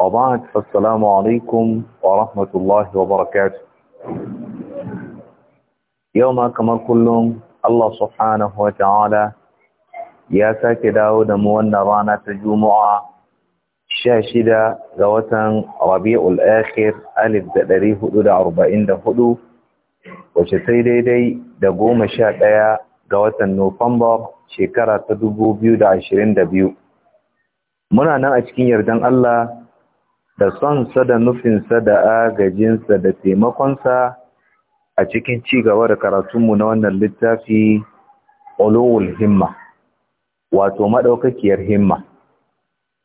وبعد السلام عليكم ورحمة الله وبركاته يوم كما كلهم الله سبحانه وتعالى ya sake dawo da mu wannan rana ta Juma'a 16 ga watan Rabiul Akhir 1444 wace sai daidai da 11 ga watan Nuwamba shekara ta 2022 muna nan a cikin yardan Allah da sonsa da nufinsa da agajinsa da taimakonsa a cikin ci gaba da karatunmu na wannan littafi ulul himma wato maɗaukakiyar himma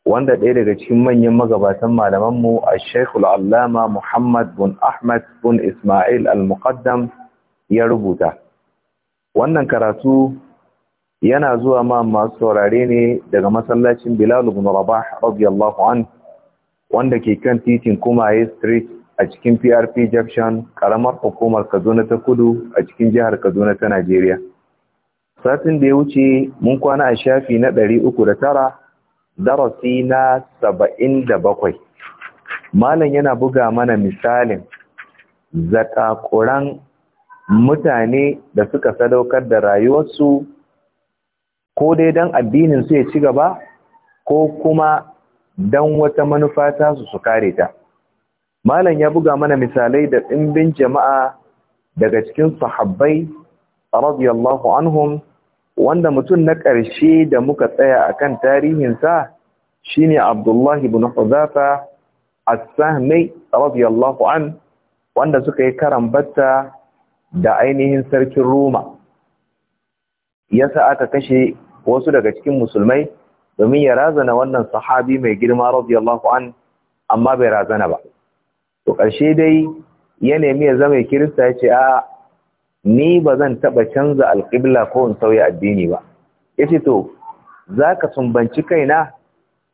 wanda ɗaya daga cikin manyan magabatan malamanmu a Sheikhul Allama Muhammad bin Ahmad bin Ismail Al-Muqaddam ya rubuta. Wannan karatu yana zuwa ma masu saurare ne daga masallacin Bilal bin Rabah radiyallahu an wanda ke kan titin kumaye street a cikin PRP junction karamar hukumar Kaduna ta kudu a cikin jihar Kaduna ta Najeriya. Satin da ya wuce mun kwana a shafi na ɗari uku da tara, darasi na saba'in da bakwai. Malam yana buga mana misalin zakakuran mutane da suka sadaukar da rayuwarsu ko dai don addinin su ya ci gaba ko kuma don wata manufa ta su su kare ta malam ya buga mana misalai da ɗimbin jama'a daga cikin sahabbai radiyallahu anhum wanda mutum na ƙarshe da muka tsaya a akan tarihinsa shine Abdullahi ibn Huzafa as-Sahmi radiyallahu an wanda suka yi karambata da ainihin sarkin Roma yasa aka kashe wasu daga cikin musulmai domin ya razana wannan sahabi mai girma radiyallahu an amma bai razana ba to ƙarshe dai ya nemi ya zama kirista ya ce a ni ba zan taɓa canza alƙibla ko in sauya addini ba ya ce to za ka sumbanci kaina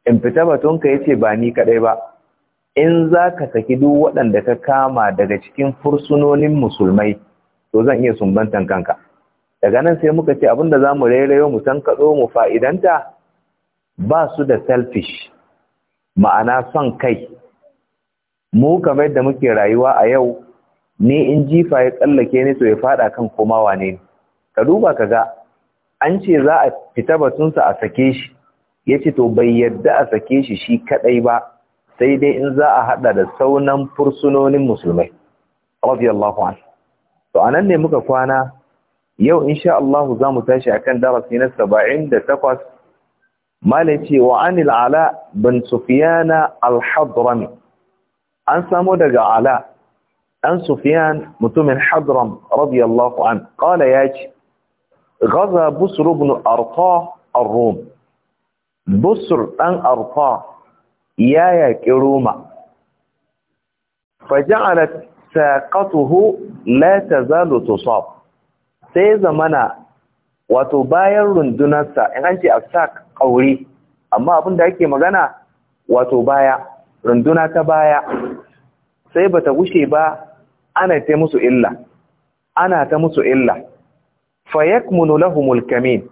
in fita batunka ya ce ba ni kaɗai ba in za ka saki duk waɗanda ka kama daga cikin fursunonin musulmai to zan iya sumbantan kanka daga nan sai muka ce abinda za mu rairayo mu tankaɗo mu fa'idanta ba su da selfish ma'ana son kai mu kamar yadda muke rayuwa a yau ni in jifa ya tsallake ni to ya fada kan komawa ne ka duba ka ga an ce za a fita batunsa a sake shi ya ce to bai yadda a sake shi shi kadai ba sai dai in za a hada da saunan fursunonin musulmai radiyallahu anhu to anan ne muka kwana yau insha Allah za mu tashi akan darasi na 78 malin ce wa anil ala bin sufiyana alhadram an samu daga ala an sufiyan mutumin hadram radiyallahu an ya ce gaza busur ibn arqa ar-rum busr dan arqa ya yaƙi roma faja'alat saƙatuhu la ta zalo tusab sai zamana wato bayan rundunarsa in an ce a sa ƙauri amma abin da ake magana wato baya runduna ta baya sai ba ta gushe ba ana ta musu illa ana ta musu illa fayakmunu lahumul Mulkamin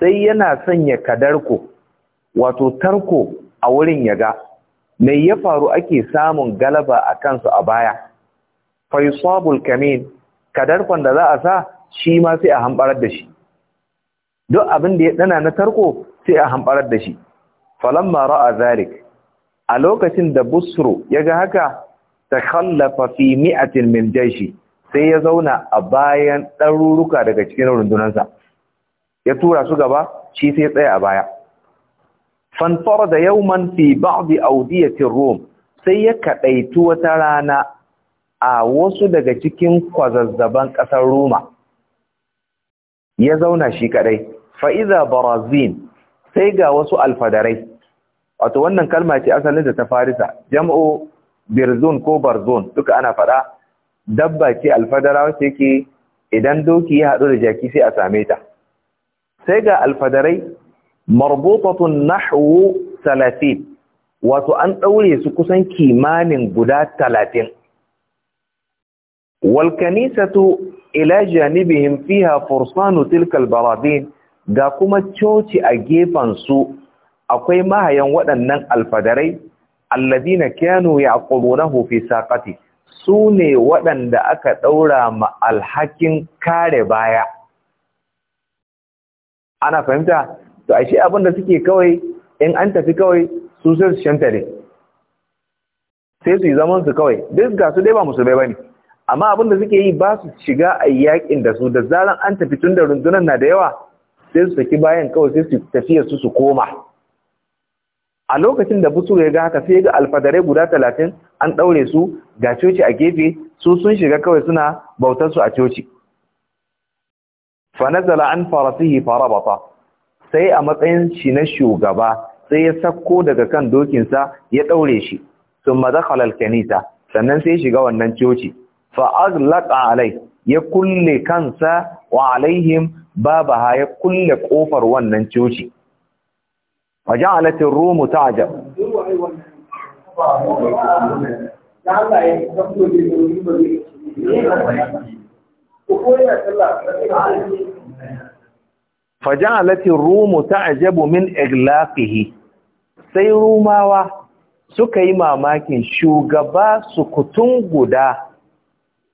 sai yana sanya kadarko wato tarko a wurin yaga mai ya faru ake samun galaba a kansu a baya faisabul kamin kadarkon da za a sa shi ma sai a hambarar da shi duk abin da ya dana na tarko sai a hambarar da shi falamma ra'a zalik a lokacin da busro ya ga haka takhallafa fi mi'atin min jaishi sai ya zauna a bayan ɗaruruka daga cikin rundunansa ya tura su gaba shi sai ya tsaya a baya fanfar da yauman fi ba'di audiyatin rom sai ya kaɗaitu wata rana a wasu daga cikin kwazazzaban ƙasar roma ya zauna shi kaɗai fa'iza barazin sai ga wasu alfadarai wato wannan kalma ce asalin da ta farisa jam'o birzon ko barzon duka ana faɗa dabba ce alfadara wacce yake idan doki ya haɗu da jaki sai a same ta sai ga alfadarai marbutatun nahwu talatin wato an ɗaure su kusan kimanin guda talatin walkanisatu إلى جانبهم fiha فرسان تلك barazin. ga kuma coci a gefen su, akwai mahayan waɗannan alfadarai alladina kanu na fi saƙati su ne waɗanda aka ɗaura ma alhakin kare baya ana fahimta to ashe abin da suke kawai in an tafi kawai su sai su shantare sai su yi zaman su kawai duk ga su dai ba musulmai bane amma abin suke yi ba su shiga a yakin da su da zaran an tafi tun da rundunan na da yawa sai su saki bayan kawai sai su tafiya su su koma a lokacin da busuru ya ga haka sai ga alfadarai guda talatin an ɗaure su ga coci a gefe su sun shiga kawai suna bautar su a coci fanazala an farasihi farabata sai a matsayin shi na shugaba sai ya sakko daga kan dokinsa ya ɗaure shi sun madakhala alkanisa sannan sai shiga wannan coci fa aglaqa alai ya kulle kansa wa alaihim ha ya kulle kofar wannan coci waja'alatir rumu ta'jab rumu ta'jabu min iglaqihi sai rumawa suka yi mamakin shugaba su kutun guda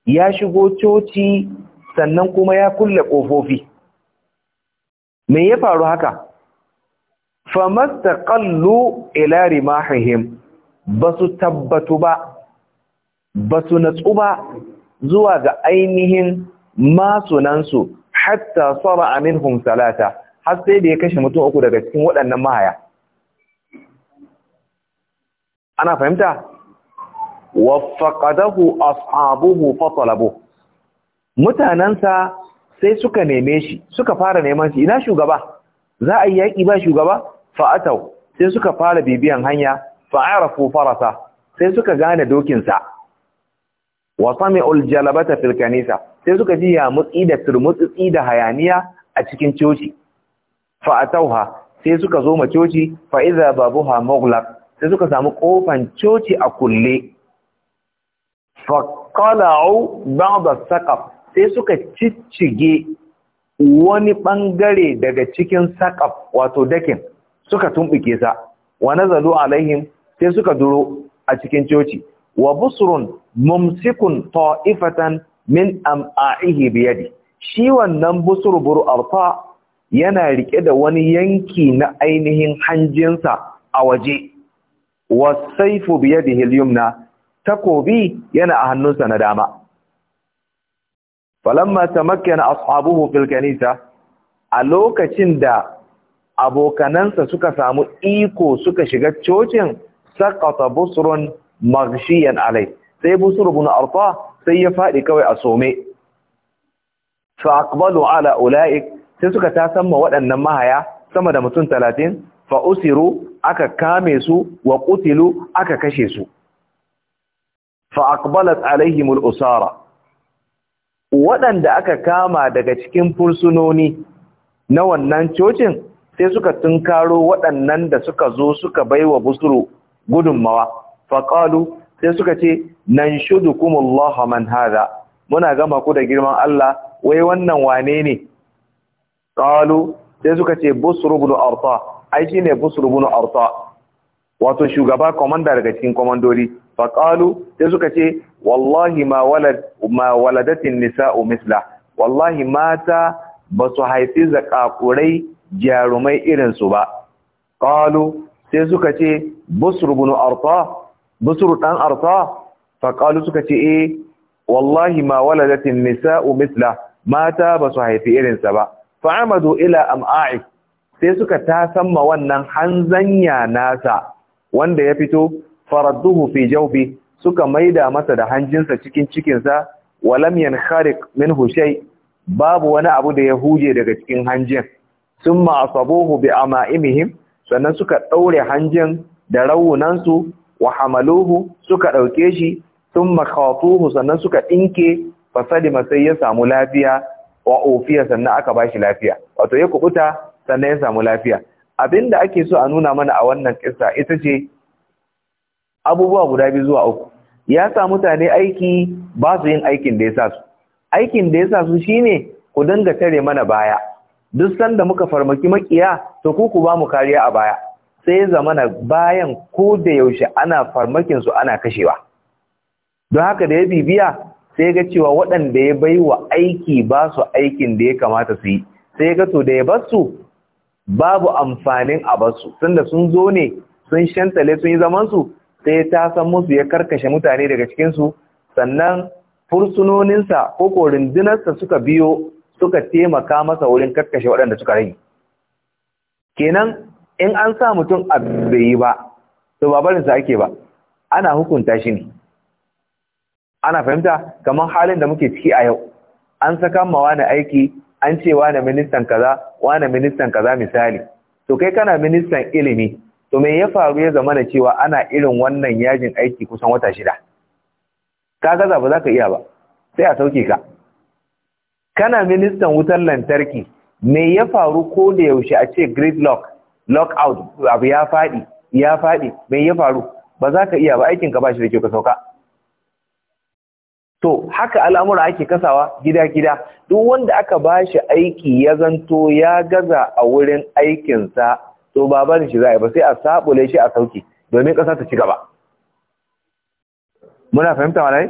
ya shigo coci sannan kuma ya kulle ƙofofi me ya faru haka ilari ila ba su tabbatu ba su natsu ba zuwa ga ainihin masunansu hatta sara minhum salata har sai da ya kashe mutum uku daga cikin waɗannan mahaya ana fahimta waffaqadahu ashabuhu fatalabu mutanansa sai suka neme shi suka fara neman shi ina shugaba za a yi yaki ba shugaba fa'atau sai suka fara bibiyan hanya fa'arafu farasa sai suka gane dokinsa wa sami'ul jalabata fil kanisa sai suka ji ya mutsi da turmutsi da hayaniya a cikin coci fa'atauha sai suka zo ma coci Fa'iza babuha mughlaq sai suka samu kofan coci a kulle faƙala'u ba'da saƙaf sai suka ciccige wani ɓangare daga cikin saƙaf wato dakin suka tumɓuke sa wa nazalu alaihim sai suka duro a cikin coci wa busrun mumsikun ta'ifatan min am'a'ihi biyadi shi wannan buru arfa yana rike da wani yanki na ainihin hanjinsa a waje Wa wasaifu biyadihi al na. takobi yana a hannunsa na dama falamma tamakkana ashabuhu fil kanisa a lokacin da abokanansa suka samu iko suka shiga cocin saqata busrun maghshiyan alai sai busur ibn arta sai ya faɗi kawai a some fa aqbalu ala ulaik sai suka tasamma waɗannan mahaya sama da mutum talatin, fa usiru aka kame su wa qutilu aka kashe su fa aqbalat alaihimul usara waɗanda aka kama daga cikin fursunoni na wannan cocin sai suka tunkaro waɗannan da suka zo suka baiwa busuru gudunmawa faƙalu sai suka ce nan shudukumullah man hada muna gama ku da girman Allah wai wannan wane ne qalu sai suka ce busuru ibn arta ai shine busuru arta wato shugaba komanda daga cikin komandori faƙalu sai suka ce wallahi ma waladatin nisa'u misla wallahi mata ba su haifi zakakurai jarumai irinsu ba ƙalu sai suka ce busur arta ɗan arta faƙalu suka ce e wallahi ma waladatin nisa'u misla mata ba su haifi irinsa ba fa'amadu ila am'a'i sai suka ma wannan hanzanya nasa wanda ya fito faradduhu fi jawfi suka maida masa da hanjinsa cikin cikinsa walam yankharik minhu shay babu wani abu da ya huje daga cikin hanjin summa asabuhu bi ama'imihim sannan suka daure hanjin da rawunansu wa hamaluhu suka dauke shi summa khatuhu sannan suka dinke fasalima sai ya samu lafiya wa ofiya sannan aka bashi lafiya wato ya kubuta sannan ya samu lafiya abinda ake so a nuna mana a wannan kissa ita ce abubuwa guda biyu zuwa uku ya sa mutane aiki ba su yin aikin da ya sa su aikin da ya sa su shine ku dinga tare mana baya duk sanda muka farmaki makiya to ku ku ba kariya a baya sai zamana bayan ko da yaushe ana farmakin su ana kashewa don haka da ya bibiya sai ga cewa waɗanda ya bai wa aiki ba su aikin da ya kamata su yi sai ga to da ya basu babu amfanin a basu tunda sun zo ne sun shantale sun yi su sai ta san musu ya karkashe mutane daga cikinsu sannan fursunoninsa ko ko rundunarsa suka biyo suka taimaka masa wurin karkashe waɗanda suka rage kenan in an sa mutum a bai ba to ba barinsa ake ba ana hukunta shi ne ana fahimta kamar halin da muke ciki a yau an saka ma wani aiki an ce wani ministan kaza wani ministan kaza misali to kai kana ministan ilimi to me ya faru ya zama da cewa ana irin wannan yajin aiki kusan wata shida ka gaza ba za ka iya ba sai a sauke ka kana ministan wutar lantarki me ya faru ko da yaushe a ce grid lock lock out abu ya faɗi ya faɗi me ya faru ba za ka iya ba aikin ka ba shi da ke ka sauka to haka al'amura ake kasawa gida-gida duk wanda aka ba shi aiki ya zanto ya gaza a wurin aikinsa to ba shi za a yi ba sai a sabule shi a sauki domin ƙasa ta ci gaba muna fahimta nai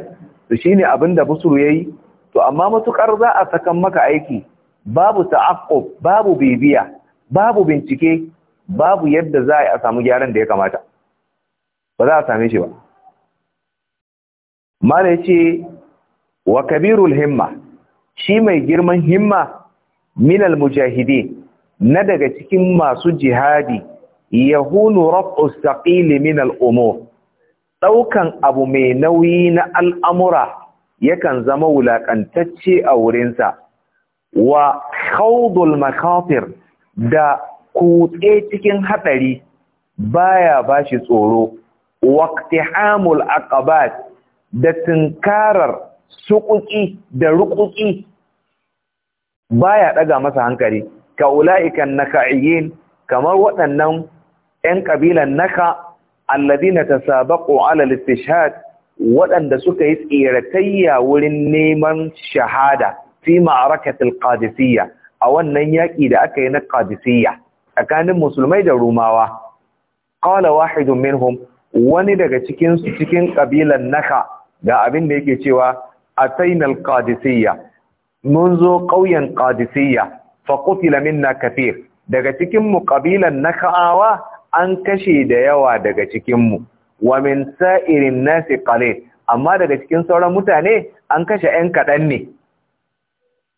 to ne abin da busuru yi to amma matukar za a sakan maka aiki babu ta'aqqub babu bibiya babu bincike babu yadda za a samu gyaran da ya kamata ba za a same shi ba mala ce wa kabirul himma shi mai girman himma minal mujahidin na daga cikin masu jihadi yahunu Rab saqili min al ɗaukan abu mai nauyi na al'amura yakan zama wulakantacce a wurinsa wa khawdul makafir da kutse cikin hadari baya bashi tsoro waqtihamul aqabat da tinkarar suƙuƙi da ruƙuƙi baya ɗaga masa hankali ka ula'ikan naka'iyin kamar waɗannan 'yan ƙabilan naka alladina ta sabaƙo alal istishhad waɗanda suka yi tsiratayya wurin neman shahada fi ma'arakatul ƙadisiyya, a wannan yaƙi da aka yi na ƙadisiyya, tsakanin musulmai da rumawa Ƙala wahidun minhum wani daga cikin su cikin ƙabilan naka ga abin da yake cewa atainal ƙadisiyya. mun zo ƙauyen ƙadisiyya. fa qutila minna kafir. daga cikinmu ƙabilan na naka'awa an kashe da yawa daga cikinmu. mu wa min sa'irin nasi ƙale. amma daga cikin sauran mutane an kashe ‘yan kaɗan ne,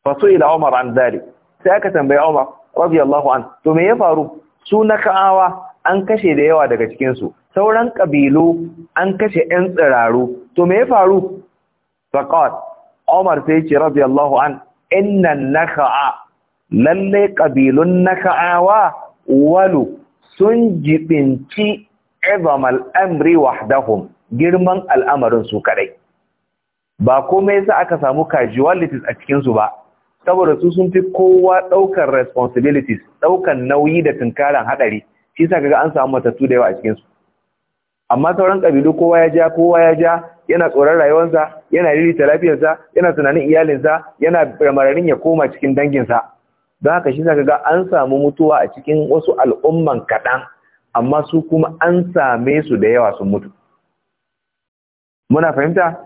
faso ila Umar an zari, sai aka tambaye Umar, radiyallahu an, to me ya faru, su na ka'awa an kashe da yawa daga cikinsu, sauran ƙabilu an kashe ‘yan tsiraru, to me ya faru? Faƙat, Umar sai ce radiyallahu an, innan na ka'a lalle ƙabilun na ka'awa walu sun jibinci izamal amri wahdahum girman al'amarin su kadai ba komai yasa aka samu casualties a cikinsu ba saboda su sun fi kowa ɗaukar responsibilities ɗaukar nauyi da tunkaran hadari shi yasa kaga an samu matattu da yawa a cikin amma sauran kabilu kowa ya ja kowa ya ja yana tsoron rayuwarsa yana ririta lafiyarsa yana tunanin iyalinsa yana ramararin ya koma cikin danginsa don haka shi zaka ga an samu mutuwa a cikin wasu al'umman kaɗan amma su kuma an same su da yawa sun mutu muna fahimta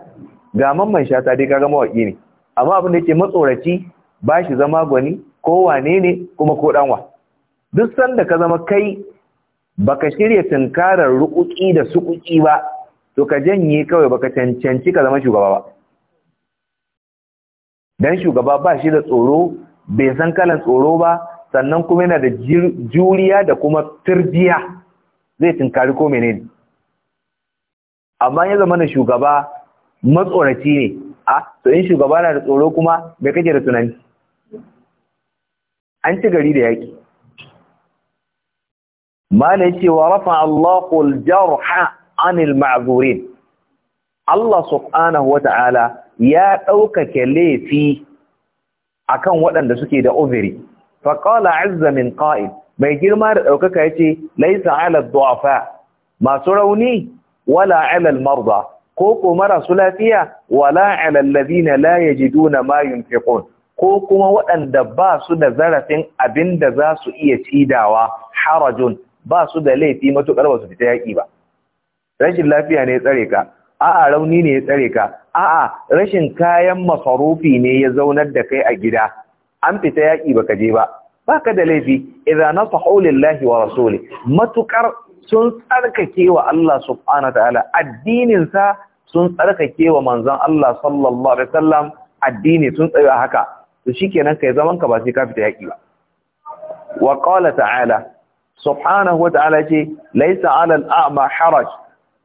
ga mamman shata dai kaga mawaƙi ne amma abin da yake matsoraci ba shi zama gwani ko wane ne kuma ko ɗanwa duk sanda ka zama kai baka shirya tunkarar rukuki da sukuki ba to ka janye kawai baka cancanci ka zama shugaba ba dan shugaba ba shi da tsoro bai san kalan tsoro ba sannan kuma yana da juriya da kuma turjiya zai tunkari ko menene amma ya zama na shugaba matsoraci ne a to in shugaba na da tsoro kuma me kake da tunani an ci gari da yaki mala ce wa rafa Allahu al-jarha anil ma'zurin Allah subhanahu wata'ala ya ɗaukake laifi akan waɗanda suke da ovary. Faƙala qala azza min mai girma da daukaka yace laisa 'ala du'afa masu rauni wala 'ala marda ko ko marasu lafiya wala 'ala alladhina la yajiduna ma yunfiqun ko kuma waɗanda ba su da zarafin abin da za su iya cidawa harajun ba su da laifi matuƙar ba su fita yaƙi ba rashin lafiya ne tsare ka a'a rauni ne ya tsare ka a'a rashin kayan masarufi ne ya zaunar da kai a gida an fita ba baka je ba baka da laifi idza nasahu lillahi wa rasuli matukar sun tsarkake wa Allah subhanahu wa ta'ala addinin sa sun tsarkake wa manzon Allah sallallahu alaihi wasallam addini sun tsaya haka to shikenan kai zaman ka ba sai ka fita yaki ba wa qala ta'ala subhanahu wa ta'ala ce laysa 'ala al-a'ma haraj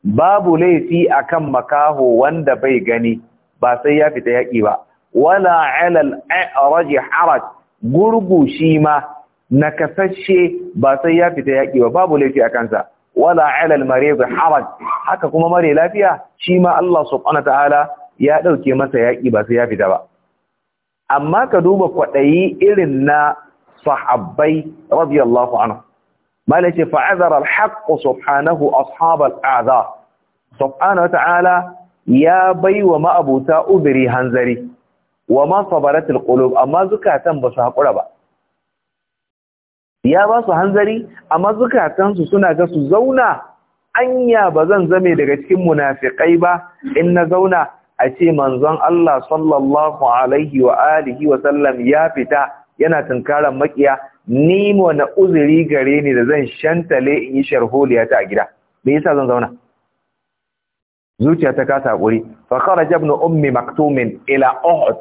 babu laifi akan makaho wanda bai gani ba sai ya fita yaƙi ba wala alal a'raj haraj gurgu shi ma nakasashe ba sai ya fita yaƙi ba babu laifi akan sa wala alal marid haraj haka kuma mare lafiya shi ma Allah subhanahu ta'ala ya dauke masa yaƙi ba sai ya fita ba amma ka duba kwadayi irin na sahabbai radiyallahu anhu malai ce fa'azar alhaƙo subhanahu ashabar subhanahu ta'ala ya bai wa ma'abuta ubiri hanzari wa ma sabaratul ƙulub, amma zukatan ba su haƙura ba ya ba su hanzari amma zukatansu suna ga su zauna anya ba zan zame daga cikin munafiƙai ba in na zauna a ce manzon Allah sallallahu alaihi wa alihi wa sallam ya fita yana tunkaran makiya ni na uzuri gare ni da zan shantale in yi sharholiya ta a gida me yasa zan zauna zuciya ta kasa hakuri fa kharaja ibn ummi maktum ila uhud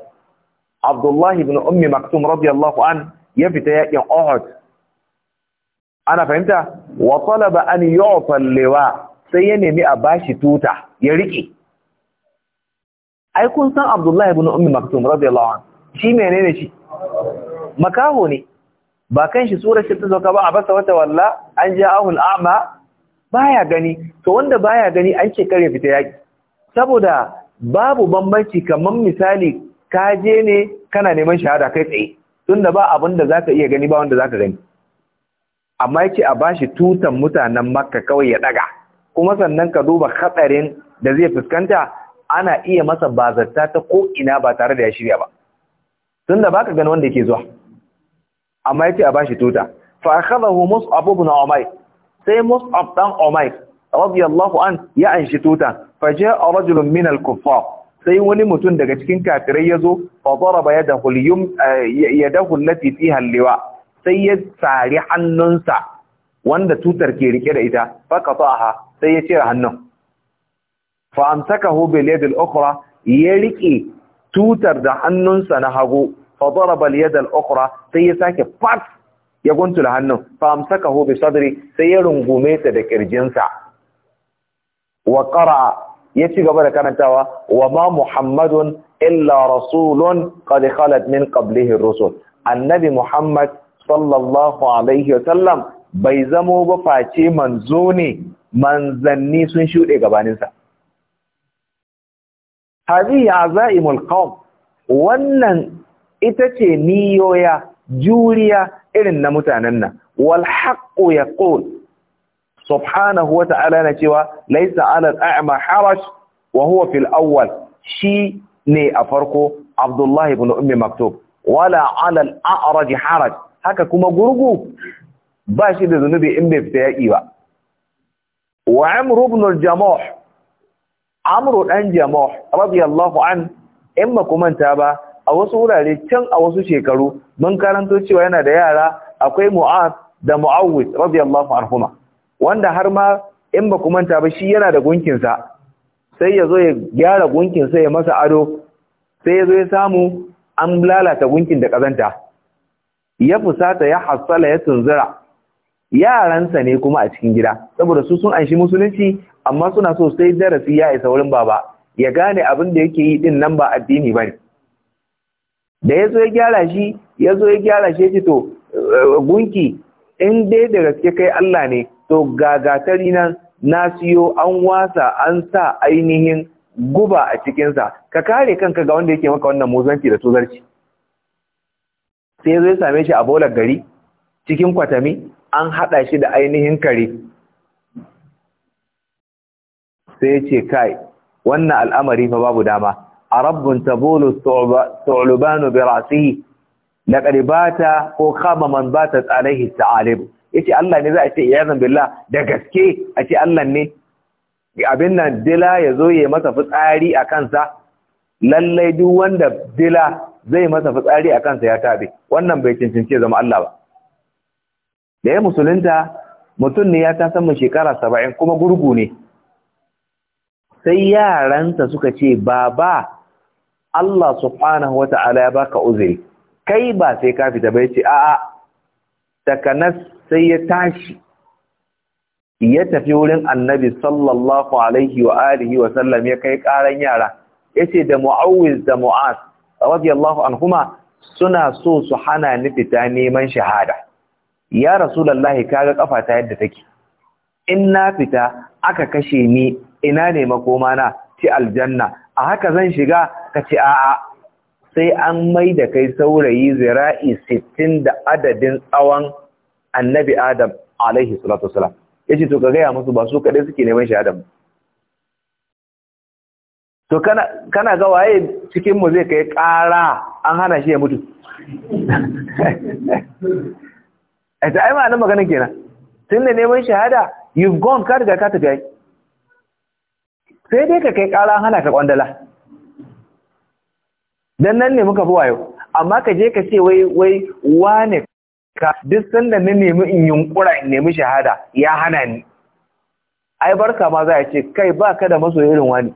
abdullahi ibn ummi maktum radiyallahu an ya fita yakin uhud ana fahimta wa talaba an yu'ta liwa sai ya nemi a bashi tuta ya rike ai kun san abdullahi ibn ummi maktum radiyallahu an shi menene shi makaho ne ba kan shi tsura shi ta zauka ba a basa wata walla an ja'ahu Ba baya gani to wanda baya gani an ce kare fita yaki saboda babu bambanci kamar misali ka je ne kana neman shahada kai tsaye tunda ba abin da zaka iya gani ba wanda zaka gani amma yake a bashi tutan mutanen makka kawai ya daga kuma sannan ka duba hatsarin da zai fuskanta ana iya masa bazarta ta ko ina ba tare da ya shirya ba tunda ka gani wanda yake zuwa amma yace a bashi tuta fa akhadahu mus'ab ibn umayr sai mus'ab dan umayr radiyallahu an ya anshi tuta fa ja'a rajulun min al-kuffar sai wani mutum daga cikin kafirai yazo fa daraba yadahu al-yum eh, yadahu allati fiha al-liwa sai ya tsari hannunsa wanda tutar ke rike da ita fa qata'aha sai ya cire hannun fa amsakahu bil yad al-ukhra ya rike tutar da hannunsa na hagu fa daraba al-yad al-ukhra sai ya sake fat ya guntula hannun fa amsakahu bi sadri sai ya rungume ta da ƙirjinsa. wa ya ci gaba da karantawa wa ma muhammadun illa rasulun qad khalat min qablihi annabi muhammad sallallahu bai zamo ba face manzo ne manzanni sun shuɗe gabaninsa. Hazi ya za'imul ƙaun, wannan ita ce niyoya juriya irin na mutanen nan wal haqqu yaqul subhanahu wa ta'ala na cewa laysa 'ala al-a'ma haraj wa huwa fil awwal shi ne a farko Abdullahi ibn Ummi Maktub wala 'ala al-a'raj haraj haka kuma gurgu ba shi da zunubi in bai fita yaki ba wa amru ibn al-Jamuh Amr dan radiyallahu an in ba kuma ta ba a wasu wurare can a wasu shekaru mun karanto cewa yana da yara akwai mu'az da mu'awwid radiyallahu anhuma wanda har ma in ba ku manta ba shi yana da gunkin sa sai ya zo ya gyara gunkin sa ya masa ado sai ya zo ya samu an lalata gunkin da kazanta ya fusata ya hasala ya tunzura yaransa ne kuma a cikin gida saboda su sun anshi musulunci amma suna so sai darasi ya isa wurin baba ya gane abin da yake yi din nan ba addini bane da ya zo ya gyara shi ya zo ya gyara shi to eh, gunki in dai da gaske kai Allah ne to gagatari nan na siyo an wasa an sa ainihin guba a cikinsa ka kare kanka ga wanda yake maka wannan muzanci da tozarci sai ya zo ya same shi a bolar gari cikin kwatami an haɗa shi da ainihin kare sai ya ce kai wannan al'amari fa babu dama arabun tabulu tu'lubanu bi ra'sihi laqad bata ko khaba man bata alaihi ta'alib yace Allah ne za a ce iyazan billah da gaske a ce Allah ne abin nan dila ya zo ya masa fitsari a kansa lallai duk wanda dila zai masa fitsari a kansa ya tabe wannan bai cincince zama Allah ba da ya musulunta mutum ne ya ta samun shekara saba'in kuma gurgu ne sai yaransa suka ce baba Allah subhanahu wata'ala ya baka uzuri kai ba sai ka fita bai ce a'a takanas sai ya tashi ya tafi wurin annabi sallallahu alaihi wa alihi wa sallam ya kai karan yara yace da mu'awiz da mu'az radiyallahu anhuma suna so su hana ni fita neman shahada ya rasulullahi kaga kafa ta yadda take in na fita aka kashe ni ina ne makoma na ci aljanna a haka zan shiga ka ce a'a sai an mai da kai saurayi zira'i sittin da adadin tsawon annabi adam alaihi salatu wasalam ya ce to ka gaya musu ba su kaɗai suke neman shi adam to kana ga waye cikinmu zai kai ƙara an hana shi ya mutu a ta aima nan maganin kenan tun da neman shahada you've gone ka riga ka tafi sai dai ka kai ƙara an hana ka ƙwandala dan nan ne muka fi wayo amma ka je ka ce wai wai wane ka duk sanda na nemi in yunkura in nemi shahada ya hana ni ai barka ma za a ce kai ba ka da maso irin wani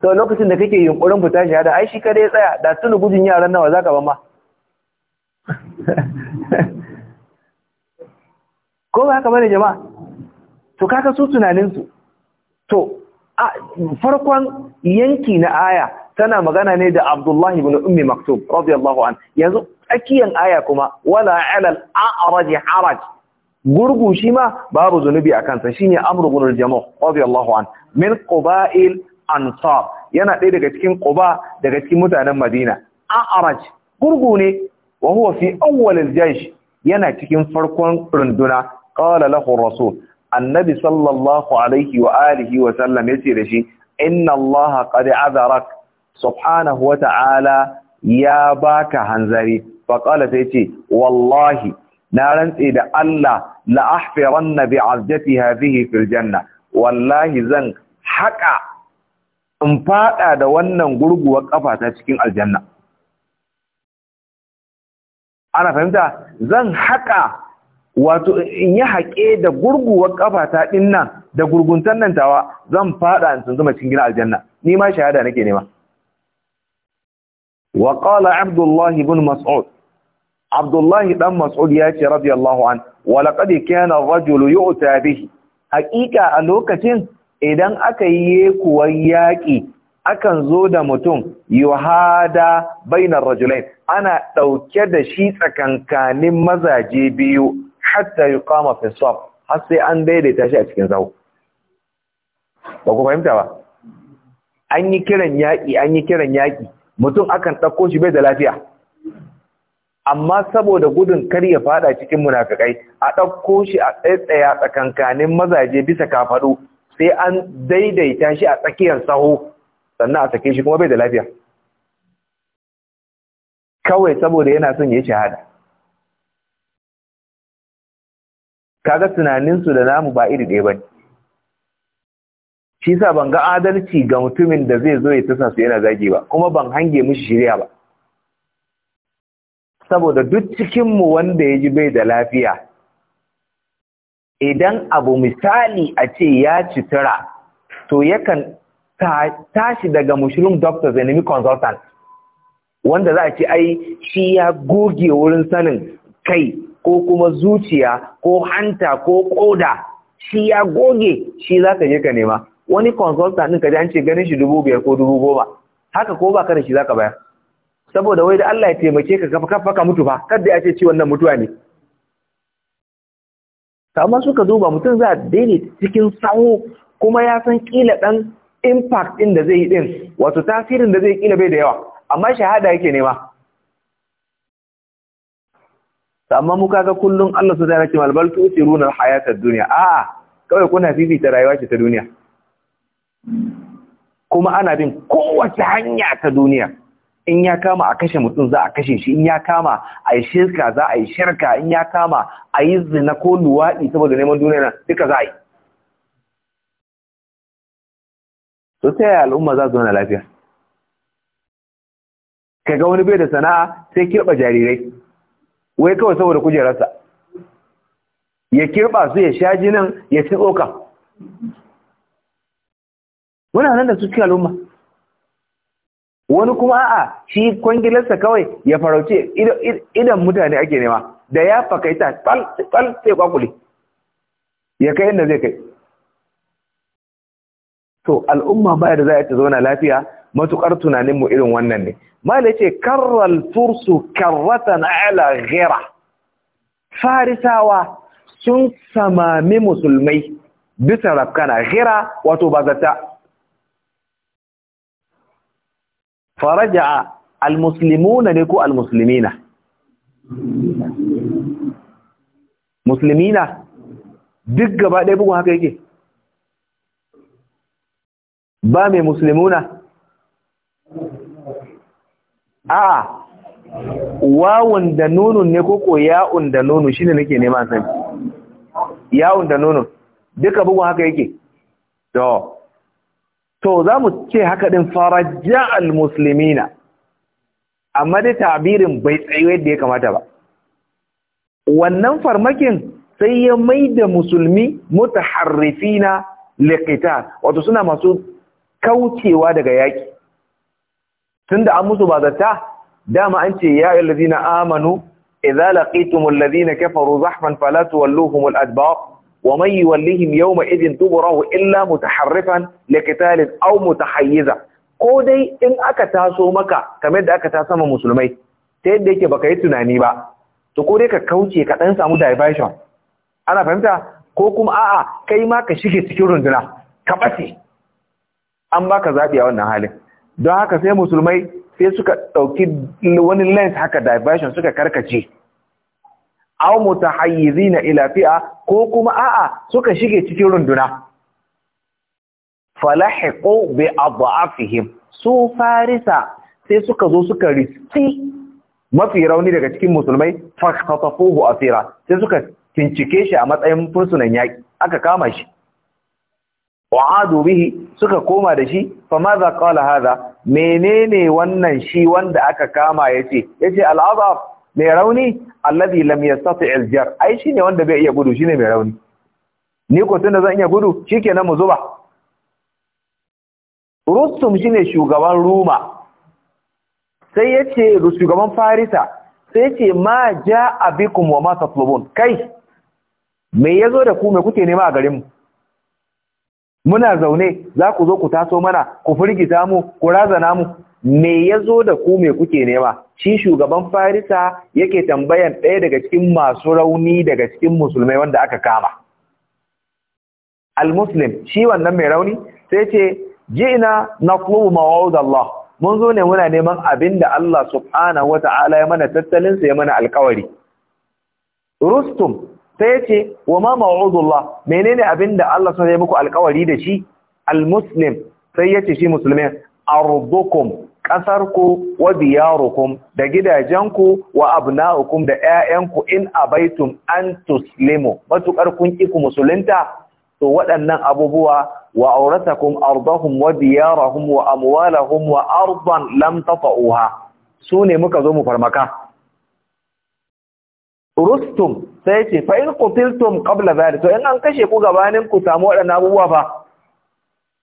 to lokacin da kake yunkurin fita shahada ai shi kada ya tsaya da tuni gudun yaran nawa zaka ba ma ko ba haka bane jama'a to kaka su tunanin su to a farkon yanki na aya tana magana ne da Abdullahi bin Ummi Maktub radiyallahu an yanzu tsakiyan aya kuma wala alal a'raj haraj gurgu shi ma babu zunubi a kansa shine amru ibn al-Jamuh radiyallahu an min qaba'il ansar yana ɗaya daga cikin quba daga cikin mutanen Madina a'raj gurgu ne wa huwa fi awwal al-jaysh yana cikin farkon runduna qala lahu rasul annabi sallallahu alaihi wa alihi wa sallam yace da shi inna allaha qad azarak subhanahu wa ta'ala ya baka hanzari faƙala sai ce wallahi na rantse da Allah la ahfiranna bi azjati hadhihi fil janna wallahi zan haƙa in faɗa da wannan gurguwar kafa ta cikin aljanna ana fahimta zan haƙa wato in yi haƙe da gurguwar kafa ta dinnan da gurguntan nan tawa zan faɗa in sun zama cikin aljanna ni ma shahada nake nema wa qala abdullah ibn mas'ud abdullah dan mas'ud ya ce radiyallahu an wa laqad kana ar-rajulu yu'ta bihi haqiqa a lokacin idan aka yi kuwar yaƙi akan zo da mutum yuhada bainar rajulain ana ɗauke da shi tsakankanin mazaje biyu hatta yuqama fi har sai an daidaita shi a cikin zawo ba ku fahimta ba an yi kiran yaƙi an yi kiran yaƙi mutum akan ɗauko shi bai da lafiya amma saboda gudun kar ya faɗa cikin munafikai a ɗauko shi a tsaitsaya tsakankanin mazaje bisa kafaɗu sai an daidaita shi a tsakiyar saho sannan a sake shi kuma bai da lafiya kawai saboda yana son ya yi shahada kaga tunaninsu da namu ba iri ɗaya ba ne shi sa ban ga adalci ga mutumin da zai zo ya tasa su yana zagi ba kuma ban hange mishi shirya ba saboda duk cikinmu wanda ya ji bai da lafiya idan abu misali a ce ya ci tara, to yakan tashi daga mushroom doctors enemy consultant wanda za a ce ai shi ya goge wurin sanin kai ko kuma zuciya ko hanta ko koda shi ya goge shi za ka je ka nema wani consultant ɗin ka ji an ce ganin shi dubu biyar ko dubu goma haka ko ba ka da shi zaka bayar saboda wai da Allah ya taimake ka kafa kafa ka mutu fa kada ya ce ciwon nan mutuwa ne amma suka duba mutum za a daina cikin sawo kuma ya san kila ɗan impact din da zai yi din wato tasirin da zai kila bai da yawa amma shahada yake nema amma mu kaga kullum Allah su zai ta'ala ce malbal tusiruna alhayatad dunya a'a kawai kuna fifita rayuwa ce ta duniya kuma ana bin kowace hanya ta duniya in ya kama a kashe mutum za a kashe shi in ya kama a yi shirka za a yi shirka in ya kama a yi zina ko luwaɗi saboda neman duniya duka za a yi to ta yaya al'umma za su zauna lafiya ka ga wani bai da sana'a sai kirɓa jarirai wai kawai saboda kujerarsa ya kirɓa su ya sha jinin ya ci tsoka muna nan da su cikin al'umma wani kuma a'a shi kwangilarsa kawai ya farauce idan mutane ake nema da ya fakaita tsal sai kwakule ya kai inda zai kai to al'umma baya da za a ta zauna lafiya matukar tunaninmu irin wannan ne mala ce karral fursu karratan ala ghera farisawa sun samami musulmai bisa rafkana ghera wato bazata faraja almuslimuna ne ko almuslimina muslimina duk gaba ɗaya bugun haka yake ba mai muslimuna a wawun da nunun ne ko ko ya'un da nunun shine nake nema sani ya'un da nunun duka bugun haka yake to to za mu ce haka ɗin farajja al-muslimina amma dai tabirin bai tsayo yadda ya kamata ba wannan farmakin sai ya mai da musulmi mutaharrifina likita, wato suna masu kaucewa daga yaki tunda an musu bazata dama an ce ya ayyuhallazina amanu idza laqitumul ladina kafaru zahman wallahu tuwalluhumul adbar ومن يوليهم يومئذ دبره إلا متحرفا لقتال أو متحيزا ko dai in aka taso maka kamar da aka taso ma musulmai ta yadda yake baka yi tunani ba to ko dai ka kauce ka dan samu diversion ana fahimta ko kuma a'a kai ma ka shige cikin runduna ka bace an baka zabi a wannan halin don haka sai musulmai sai suka dauki wani lens haka diversion suka karkace aw mutahayyizina ila fi'a ko kuma a'a suka shige cikin runduna falahiqu bi adhafihim su farisa sai suka zo suka riski mafi rauni daga cikin musulmai fakhatafuhu asira sai suka tincike shi a matsayin fursunan yaki aka kama shi wa'adu bihi suka koma da shi fa maza qala hadha menene wannan shi wanda aka kama yace yace al'azab mai rauni allazi lam yastati aljar ai shine wanda bai iya gudu shine mai rauni ni ko tunda zan iya gudu shikenan mu zuba rustum shine shugaban ruma sai yace shugaban farisa sai yace ma ja bikum wa ma tatlubun kai me yazo da ku me kuke nema a garin mu muna zaune za ku zo ku taso mana ku firgita mu ku razana mu me ya zo da ku me kuke nema shi shugaban farisa yake tambayan ɗaya daga cikin masu rauni daga cikin musulmai wanda aka kama al-muslim shi wannan mai rauni sai ce ji'na natlubu mawa'ud Allah mun zo ne muna neman abin da Allah subhanahu Ta'ala ya mana tattalin sa ya mana alkawari rustum sai ce wa ma mawa'udullah menene abin da Allah sun yi muku alkawari da shi al-muslim sai ya ce shi musulmai ardukum ƙasarku wa diyarukum da gidajenku wa abna'ukum da ƴaƴanku in abaitum an tuslimu matuƙar kun ki musulunta to waɗannan abubuwa wa auratakum ardahum wa diyarahum wa amwalahum wa ardan lam tata'uha sune muka zo mu farmaka rustum sai ce fa in qutiltum qabla zalika in an kashe ku gabanin ku samu waɗannan abubuwa fa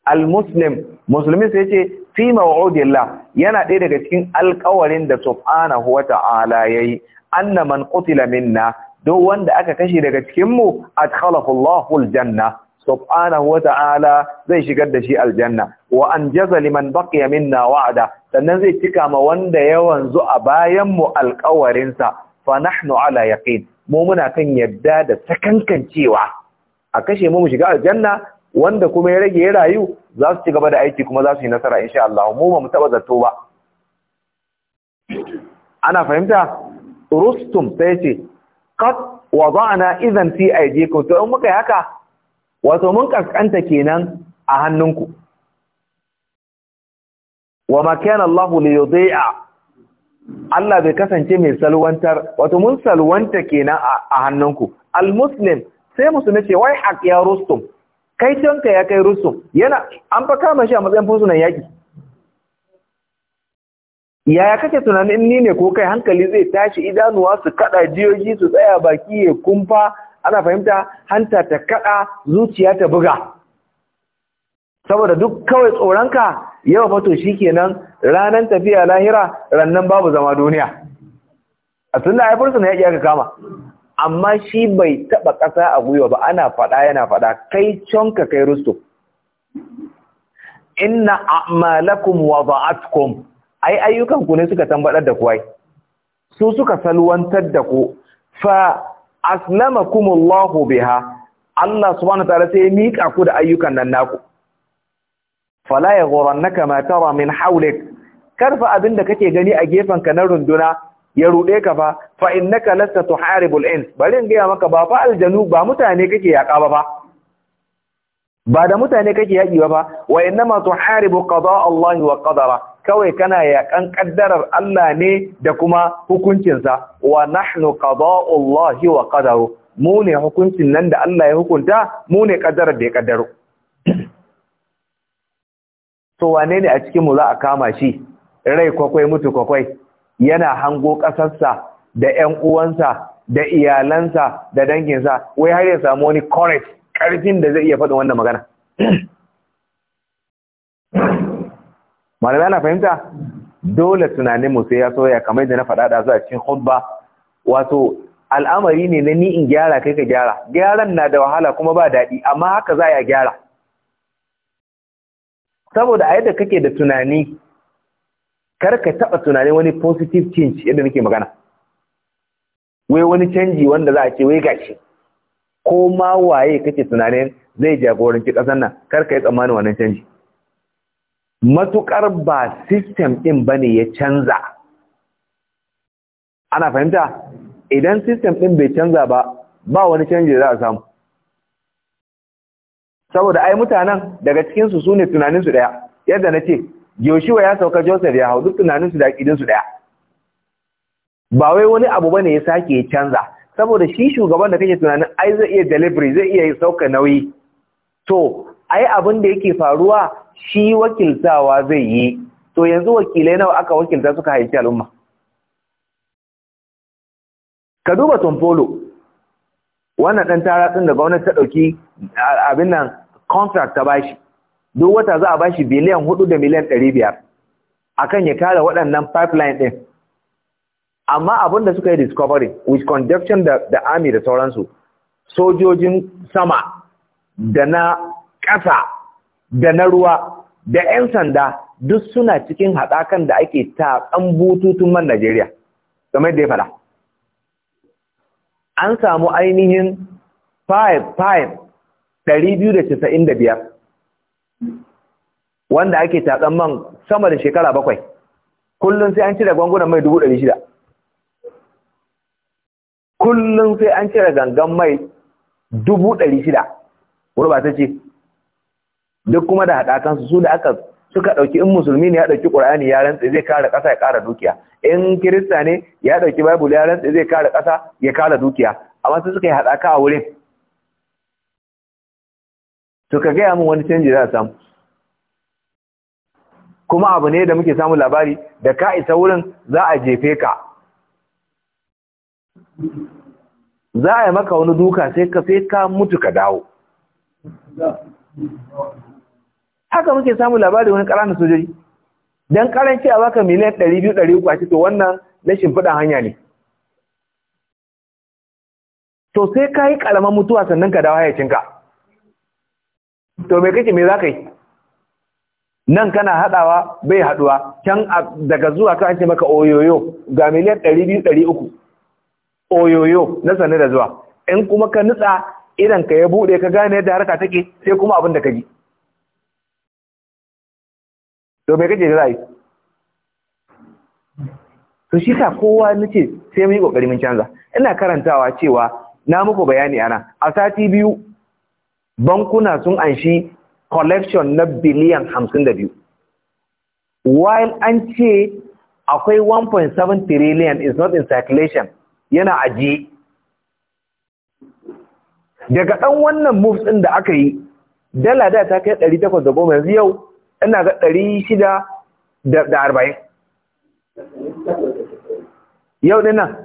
al muslim musulmi sai ce fi maw'udillah yana ɗaya daga cikin alƙawarin da subhanahu wa ta'ala yayi anna man qutila minna duk wanda aka kashe daga cikin mu adkhalahu Allahu aljanna subhanahu wa ta'ala zai shigar da shi aljanna wa anjaza liman baqiya minna wa'ada. sannan zai cika ma wanda ya wanzu a bayan mu alƙawarin sa fa nahnu ala yaqin mu muna kan yadda da takankancewa a kashe mu mu shiga aljanna wanda kuma ya rage ya rayu za su ci gaba da aiki kuma za su yi nasara insha Allah mu ba mu taba zato ba ana fahimta rustum sai ce qad wada'na idan fi aydikum to in muka yi haka wato mun kaskanta kenan a hannunku wa ma kana Allah li yudai'a Allah bai kasance mai salwantar wato mun salwanta kenan a hannunku al-muslim sai musulmi ce wai haq ya rustum kai tonka ya kai rusum yana an fa kama shi a matsayin fursunan yaƙi. yaya kake tunanin ni ne ko kai hankali zai tashi idanuwa su kaɗa jiyoyi su tsaya baki ya kumfa ana fahimta hanta ta kaɗa zuciya ta buga saboda duk kawai tsoronka yawa fato shi kenan ranar tafiya lahira rannan babu zama duniya a tunda ai fursunan yaƙi aka kama amma shi bai taɓa ƙasa a gwiwa ba ana faɗa yana faɗa kai ka kai rusto inna a'malakum wada'atkum ai ayyukan ku ne suka tambadar da kuwai su suka salwantar da ku fa aslamakumullahu biha Allah subhanahu wa ta'ala sai mika ku da ayyukan nan naku fala yaghurannaka ma tara min hawlik karfa abinda kake gani a gefen ka na runduna ya ruɗe ka fa fa innaka lasta tuharibul ins bari in gaya maka ba fa aljanu ba mutane kake yaƙa ba fa ba da mutane kake yaƙi ba fa wa innama tuharibu qada Allah wa qadara kawai kana yaƙan kaddarar Allah ne da kuma hukuncinsa wa nahnu qada'u Allah wa qadaru mu ne hukuncin nan da Allah ya hukunta mu ne kaddarar da ya kaddaro to wane ne a cikin mu za a kama shi rai kwakwai mutu kwakwai yana hango ƙasarsa da ‘yan uwansa da iyalansa da danginsa wai har ya samu wani courage ƙarfin da zai iya faɗin wannan magana malamai fahimta dole tunanin mu sai ya soya kamar da na faɗa da zuwa cikin hudba wato al'amari ne na ni in gyara kai ka gyara gyaran na da wahala kuma ba daɗi amma haka za a gyara saboda a yadda kake da tunani kar ka taɓa tunanin wani positive change yadda nake magana wai wani canji wanda za a ce wai gashi ko ma waye kake tunanin zai jagoranci ƙasar nan kar ka yi tsammanin wannan canji matuƙar ba system ɗin ba ne ya canza ana fahimta idan system ɗin bai canza ba ba wani canji da za a samu saboda ai mutanen daga cikinsu su ne tunaninsu ɗaya yadda na ce Yoshua ya sauka Joseph ya hau duk tunanin da akidin su daya ba wai wani abu bane ya sake ya canza saboda shi shugaban da kake tunanin ai zai iya delivery zai iya sauka nauyi to ai abin da yake faruwa shi wakiltawa zai yi to yanzu wakilai nawa aka wakilta suka haifi al'umma ka duba Tompolo, wannan ɗan tara sun da gwamnati ta ɗauki abin nan contract ta bashi duk wata za a ba shi biliyan hudu da miliyan ɗari biyar a kan ya kare waɗannan pipeline ɗin amma abin da suka yi discovery with conduction da, Ami army da sauransu sojojin sama da na ƙasa da na ruwa da 'yan sanda duk suna cikin haɗakan da ake ta taƙan bututun man Najeriya kamar da ya fada. an samu ainihin 5 da 295 wanda ake tatsan man sama da shekara bakwai kullum sai an cire gwangunan mai dubu ɗari shida kullum sai an cire gangan mai dubu ɗari shida ce duk kuma da haɗakansu su da aka suka ɗauki in musulmi ne ya ɗauki ƙura'ani ya rantse zai kare ƙasa ya kare dukiya in kirista ne ya ɗauki baibul ya rantse zai kare ƙasa ya kare dukiya amma su suka yi haɗaka a wurin to ka gaya min wani canji za a samu kuma abu ne da muke samun labari da ka isa wurin za a jefe ka za a yi maka wani duka sai ka sai ka mutu ka dawo haka muke samun labari wani karanta sojoji don karanci a baka miliyan 200 200 a to wannan na shimfiɗan hanya ne to sai ka yi ƙalaman mutuwa sannan ka dawo hayacinka to me kake me za ka yi nan kana haɗawa bai haɗuwa can daga zuwa kan an ce maka oyoyo ga miliyan ɗari biyu ɗari uku oyoyo na sanne da zuwa in kuma ka nutsa idan ka ya buɗe ka gane yadda harka take sai kuma abin da ka ji to me kake da to shi sa kowa nace sai mun yi kokari mun canza ina karantawa cewa na muku bayani ana a sati biyu bankuna sun anshi collection na biliyan hamsin da biyu while an ce akwai 1.7 trillion is not in circulation yana ajiye daga ɗan wannan moves ɗin da aka yi dala da ta kai 810 yanzu yau ina ga 640 yau ɗin nan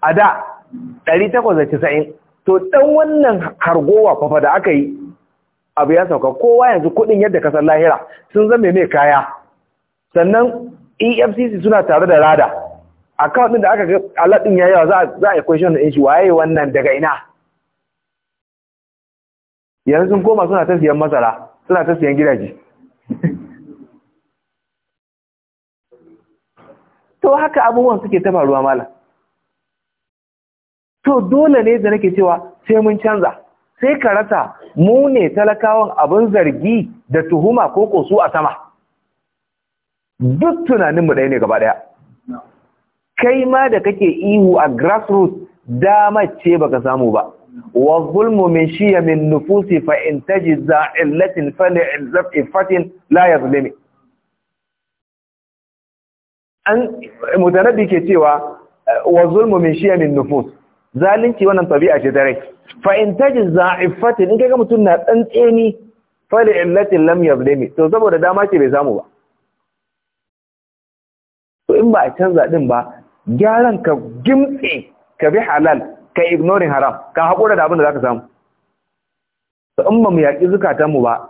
a da 890 to ɗan wannan hargowa fafa da aka yi abu ya sauka kowa yanzu kuɗin yadda kasar lahira sun zame mai kaya sannan efcc suna tare da rada account din da aka ga alaɗin ya yawa za a yi question din shi waye wannan daga ina yanzu sun koma suna ta siyan masara suna ta siyan gidaje to haka abubuwan suke ta faruwa malam to dole ne da nake cewa sai mun canza sai ka rasa mu ne talakawan abin zargi da tuhuma ko kosu a sama duk tunaninmu ɗaya ne gaba ɗaya kai ma da kake ihu a grassroots dama ce baka samu ba wa zulmu min shiya min nufusi fa in tajza illatin fali zafi fatin la yazlimi an mutanabbi ke cewa wa zulmu min shiya min nufus zalunci wannan tabi'a ce ta rai fa in taji za'ifati in kaga mutum na tseni fa li illatin lam yablimi to saboda dama ce bai samu ba to in ba a canza din ba gyaran ka gimtse ka bi halal ka ignoring haram ka hakura da abin da zaka samu to in ba mu yaki zukatan mu ba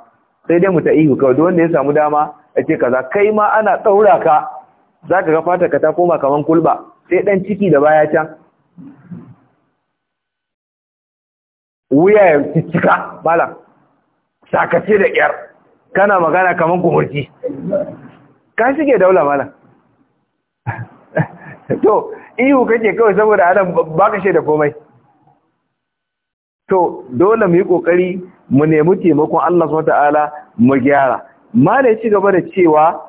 sai dai mu ta ihu kawai wanda ya samu dama a ce kaza kai ma ana tsaura ka zaka ga fata ka ta koma kaman kulba sai dan ciki da baya can ya cicika bala shakace da yar kana magana kamar kumurci ka shige daula mala to ihu kake kawai saboda adam baka shaida komai to dole mu yi kokari mu nemi taimakon Allah subhanahu wataala mu gyara mala ya ci gaba da cewa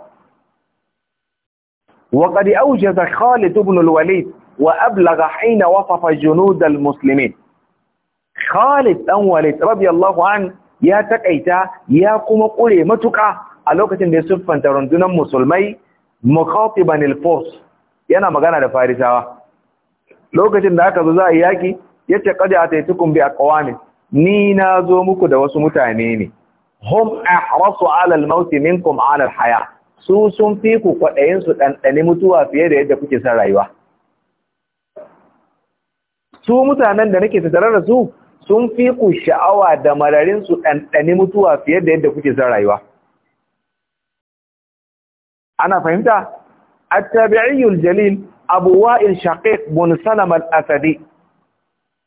wa qad awjaza Khalid ibn al-Walid wa ablagha hina wasafa junud al-muslimin Khalid dan Walid radiyallahu an ya takaita ya kuma kure matuka a lokacin da ya siffanta rundunar musulmai mukhatiban al-furs yana magana da farisawa lokacin da aka zo za a yaki yace qad ataitukum bi aqwami ni na zo muku da wasu mutane ne hum ahrasu ala al-maut minkum ala al-haya su sun fi ku kwadayin su dandane mutuwa fiye da yadda kuke san rayuwa su mutanen da nake tattare da su sun fi ku sha'awa da mararinsu su ɗanɗani mutuwa fiye da yadda kuke son rayuwa ana fahimta at-tabi'iyyul jalil abu wa'il shaƙiƙ bun salamar asadi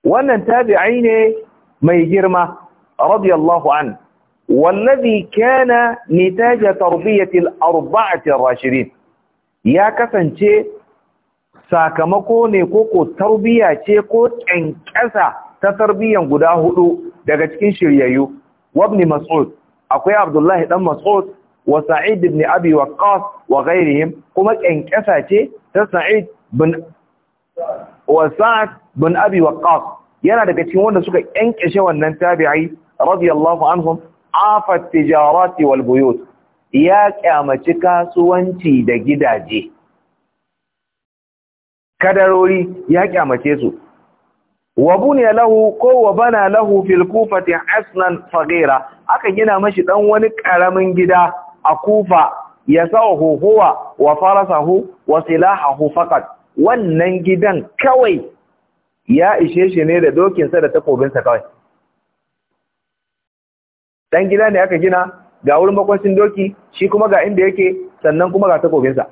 wannan tabi'i ne mai girma radiyallahu an wallazi kana nitaja tarbiyyatil al-arba'ati ya kasance sakamako ne ko ko ce ko ƙyanƙyasa ta tarbiyyan guda hudu daga cikin shiryayyu wabni mas'ud akwai abdullahi dan mas'ud wa sa'id ibn abi waqqas wa ghayrihim kuma kankasa ce ta sa'id bin wa sa'd bin abi waqqas yana daga cikin wanda suka kankashe wannan tabi'i radiyallahu anhum afat tijarati wal buyut ya kyamaci kasuwanci da gidaje kadarori ya kyamace su wa lahu ko wa bana lahu fil kufati hasnan saghira aka gina mashi dan wani karamin gida a kufa ya yasahu huwa wa farasahu wa silahahu faqat wannan gidan kawai ya ishe shi ne da dokinsa da takobinsa kawai dan gida ne aka gina ga wurin makwacin doki shi kuma ga inda yake sannan kuma ga takobinsa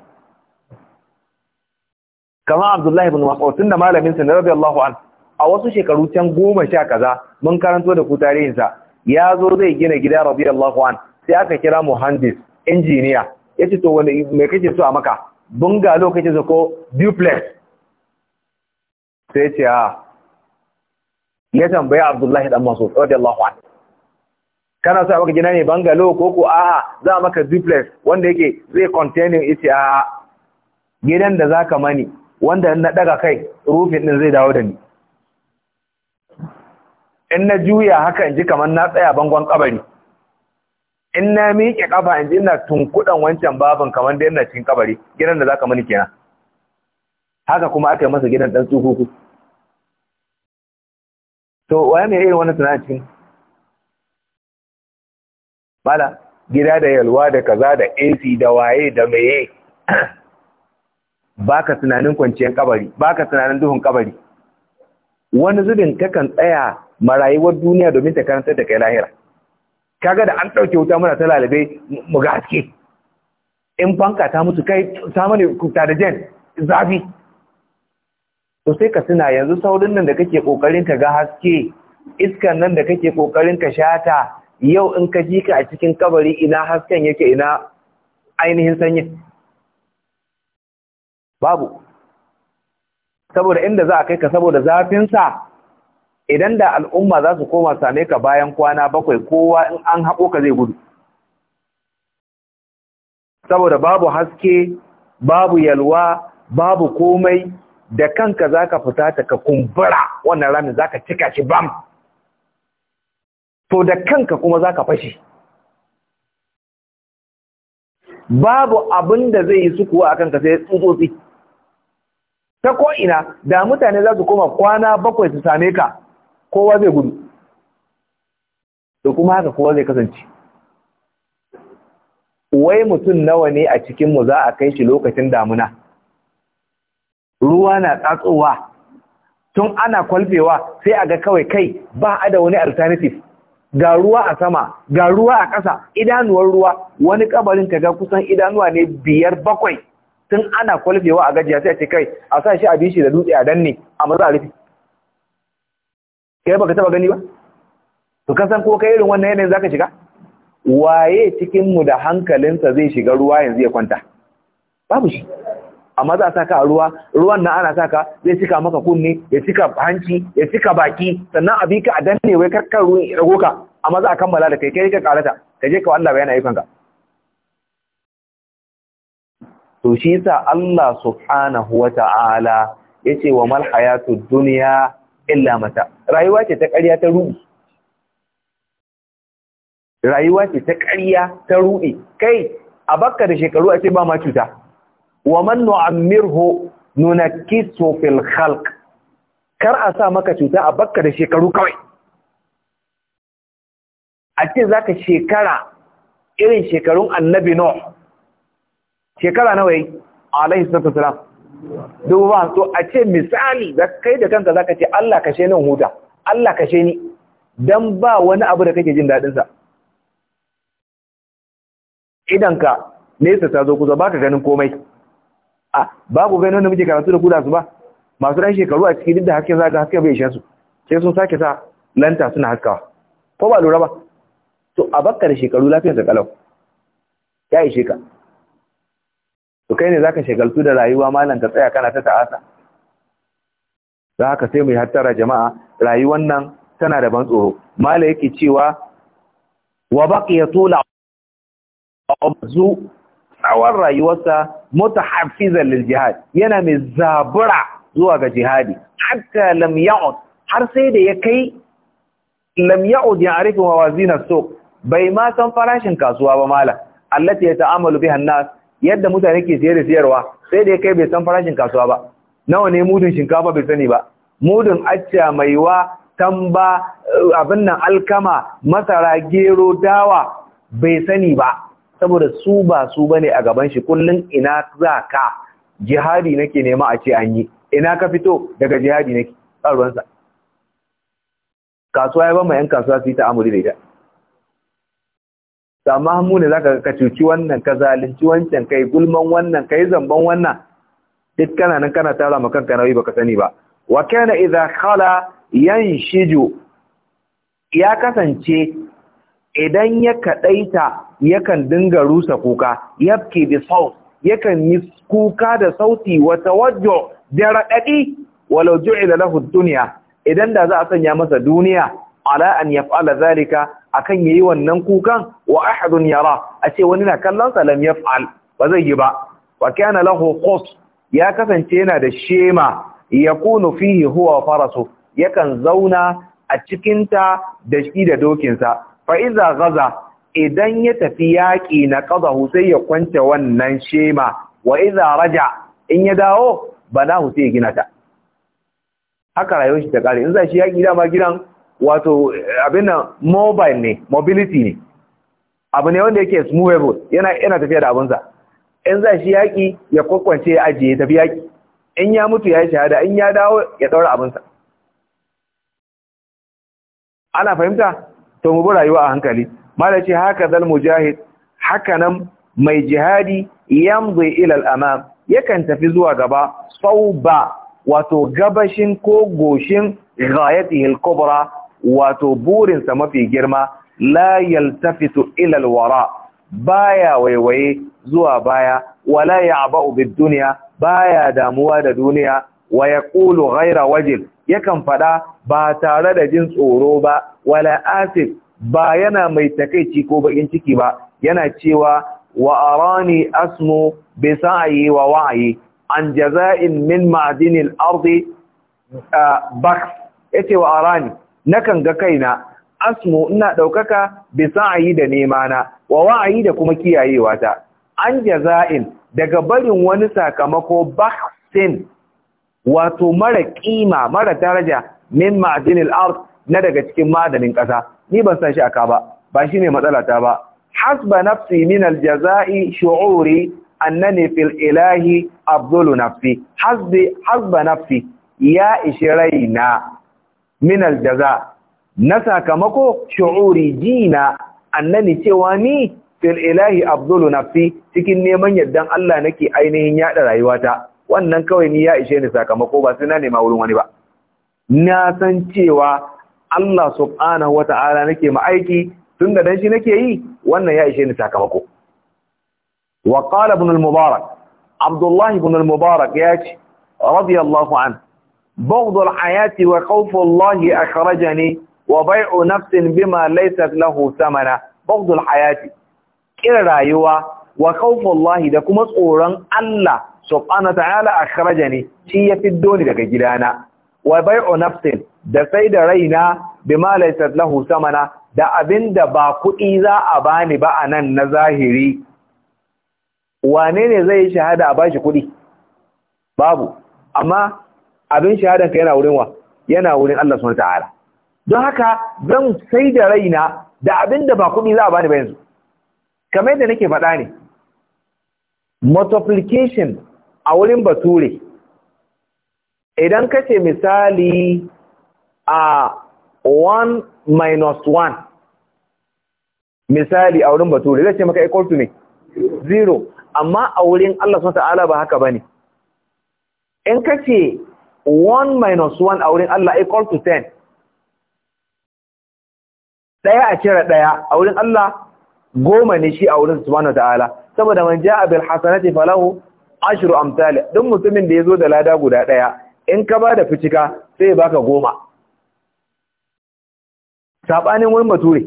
kama abdullahi ibn mas'ud tunda malamin sa radiyallahu anhu a wasu shekaru can goma sha kaza mun karanto da ku tarihinsa ya zo zai gina gida radiyallahu an sai aka kira muhandis injiniya ya ce to wani mai kake so a maka bungalow kake so ko duplex sai ce a ah. ya tambaya abdullahi dan masu radiyallahu an kana so a maka gina ne bangalo ko ko a'a za a maka duplex wanda yake zai containing ita a gidan da zaka mani wanda na daga kai rufin din zai dawo da ni in na juya haka in ji kamar na tsaya bangon kabari in na miƙe ƙafa, in ji ina tunkuɗan wancan babin kamar da yana cikin kabari gidan da za ka mani kenan haka kuma aka yi masa gidan ɗan tsukuku to waye mai irin wani tunanin cikin mala gida da yalwa da kaza da AC da waye da meye baka tunanin kwanciyar kabari baka tunanin duhun kabari wani zubin kakan tsaya marayuwar duniya domin ta karantar da kai lahira kaga da an ɗauke wuta muna ta lalabe mu ga haske in fanka ta mutu kai ta mani kuta da jen zafi to sai ka suna yanzu saurin nan da kake kokarin ka ga haske iskan nan da kake kokarin ka shata yau in ka ji ka a cikin kabari ina hasken yake ina ainihin sanyin babu saboda inda za a kai ka saboda zafinsa idan da al'umma za su koma same ka bayan kwana bakwai kowa in an haƙo ka zai gudu saboda babu haske babu yalwa babu komai da kanka za ka fita ta ka kumbura wannan ramin ka cika shi bam to da kanka kuma za ka fashe babu abin da zai yi kuwa a kanka sai tsutsotsi ta ko'ina da mutane za su koma kwana bakwai su same ka kowa zai gudu da kuma haka kowa zai kasance wai mutum nawa ne a cikinmu za a kai shi lokacin damuna ruwa na tsatsowa tun ana kwalfewa sai a ga kawai kai ba a da wani alternative ga ruwa a sama ga ruwa a ƙasa idanuwar ruwa wani kabarin ta ga kusan idanuwa ne biyar bakwai tun ana kwalfewa a gajiya sai a ce kai a sa shi a bishi da dutse a danne a maza a kai baka taba gani ba to kasan ko kai irin wannan yanayin zaka shiga waye cikin mu da hankalinsa zai shiga ruwa yanzu ya kwanta babu shi amma za a saka a ruwa ruwan nan ana saka zai cika maka kunne ya cika hanci ya cika baki sannan a bika ka a danne wai karkar ruwan ya rago ka amma za a kammala da kai kai ka karata ka je ka Allah bayana ayyukan ka to shi yasa Allah subhanahu wata'ala yace wa mal hayatud dunya illa mata rayuwa ce ta ƙarya ta ruɗi rayuwa ce ta ƙarya ta ruɗi kai a bakka da shekaru a ce ba ma cuta wa man nu'ammirhu nunakkisu fil khalq kar a sa maka cuta a bakka da shekaru kawai a ce zaka shekara irin shekarun annabi nuh shekara nawa yi alaihi salatu wasalam duba ba so a ce misali kai da kanka zaka ce Allah kashe nan huta Allah kashe ni dan ba wani abu da kake jin dadin sa ka nesa ta zo kusa baka ganin komai a babu ganin wanda muke karatu da kuda su ba masu ran shekaru a cikin da haske zaka haske bai shansu sai sun sake sa lanta suna haskawa ko ba lura ba to a bakka da shekaru lafiyar sa kalau ya yi sheka. to kai ne ka shagaltu da rayuwa malam ka tsaya kana ta ta'asa za ka sai mai hattara jama'a rayuwan nan tana da ban tsoro mala yake cewa wa baqiya tula abzu tsawon rayuwarsa mutahaffizan lil jihad yana mai zabura zuwa ga jihadi haka lam ya'ud har sai da ya kai lam ya'ud ya'rifu mawazin as-suq bai ma san farashin kasuwa ba mala allati yata'amalu ta'amalu an-nas yadda mutane ke siyar da siyarwa sai da ya kai bai san farashin kasuwa ba nawa ne mudun shinkafa bai sani ba mudun acca maiwa tamba abin nan alkama masara gero dawa bai sani ba saboda su ba su bane a gaban shi kullum ina za ka jihadi nake nema a ce an yi ina ka fito daga jihadi nake tsaruwansa kasuwa ya ba ma yan kasuwa su yi ta'amuri da ita da mahammu ne zaka ka cuci wannan ka zalunci wancan kai gulman wannan kai zamban wannan duk kana nan kana tara ma kanka nauyi baka sani ba wa kana idza khala yanshiju ya kasance idan ya kadaita yakan dinga rusa kuka yabki bi saut yakan yi kuka da sauti wa tawajjo da radadi walau ju'ila lahu dunya idan da za a sanya masa duniya ala an yaf'ala zalika akan yayi wannan kukan wa ahadun yara a ce wani na kallon sa lam yaf'al ba zai yi ba wa kana lahu qus ya kasance yana da shema yakunu fihi huwa farasu yakan zauna a cikin ta da shi da dokin sa fa iza gaza idan ya tafi yaki na qadahu sai ya kwance wannan shema wa iza raja in ya dawo bana hu sai ya gina ta haka rayuwar shi ta kare in za shi yaki dama gidan wato abin nan mobile ne mobility ne abu ne wanda yake smoothable yana yana tafiya da abunsa in za shi yaƙi ya kwakwance ya ajiye tafi yaƙi in ya mutu ya yi shahada in ya dawo ya daura abinsa ana fahimta to mu bi rayuwa a hankali mala ce haka zal mujahid haka nan mai jihadi yamzi ila al-amam yakan tafi zuwa gaba sauba wato gabashin ko goshin ghayatihi al-kubra wato burinsa mafi girma la yaltafitu ila alwara baya waiwaye zuwa baya wala ya'ba'u bid-dunya baya damuwa da duniya wa yaqulu ghayra wajil yakan fada ba tare da jin tsoro ba wala asif ba yana mai takeici ko bakin ciki ba yana cewa wa arani asmu bi sa'i wa wa'i an jaza'in min ma'dinil ardi bak yace wa arani nakan ga kaina asmo ina ɗaukaka bi sa'ayi da nemana wa wa'ayi da kuma kiyayewa ta an jaza'in daga barin wani sakamako bahsin wato mara kima mara daraja min ma'dinil ard na daga cikin madanin ƙasa ni ban san shi aka ba ba shine matsala ta ba hasba nafsi min aljaza'i shu'uri annani fil ilahi afdalu nafsi hasbi hasba nafsi ya ishi raina min aljaza na sakamako shu'uri jina annani cewa ni fil ilahi abdulu nafsi cikin neman yaddan Allah nake ainihin yada rayuwata wannan kawai ni ya ishe ni sakamako ba sai na nema wurin wani ba na san cewa Allah subhanahu wata'ala nake ma aiki tun da dan shi nake yi wannan ya ishe ni sakamako wa qala ibn al-mubarak abdullah ibn al-mubarak ya ce radiyallahu anhu baghdul ayati wa khawfullahi akhrajani wa bai'u nafsin bima laysat lahu samana baghdul ayati kira rayuwa wa da kuma tsoron Allah subhanahu ta'ala akhrajani shi ya fiddo ni daga gidana wa bai'u nafsin da sai da raina bima laysat lahu samana da abinda ba kuɗi za a bani ba a nan na zahiri Wanene ne zai shahada a bashi kuɗi babu amma abin shahadanka yana wurin wa yana wurin Allah subhanahu ta'ala don haka zan sai da raina da abin da ba kuɗi za a bani ba yanzu kamar yadda nake faɗa ne multiplication a wurin bature idan ka ce misali a 1 minus 1 misali a wurin bature zai ce maka equal to ne zero amma a wurin Allah subhanahu ta'ala ba haka bane in ka ce one minus one a wurin Allah equal to ten. ɗaya a cire ɗaya a wurin Allah goma ne shi a wurin subhanahu ta'ala saboda man ja'a bil hasanati falahu ashiru amtali, ɗin mutumin da ya zo da lada guda ɗaya in ka ba da ficika sai baka goma Saɓanin wurin mature.